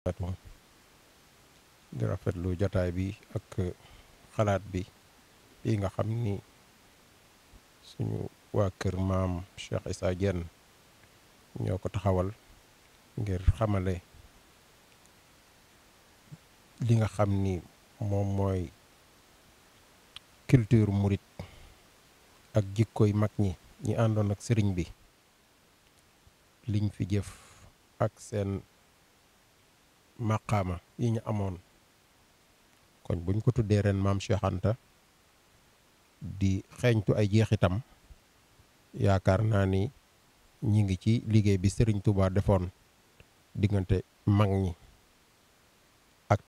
Fatma di rafetlu jotaay bi ak xalaat bi bi nga xam ni suñu waa kër maam Cheikh Issa Diène ñoo ko taxawal ngir xamale li nga xam ni moom mooy culture murit ak jikkoy mag ñi ñi àndoon ak sëriñ bi liñ fi jëf ak seen maqaama yi ñu amoon kon buñ ko tuddee ren maam Cheikh di xeeñtu ay jeexitam yaakaar naa ni ñi ngi ci liggéey bi Serigne Touba defoon diggante mag ñi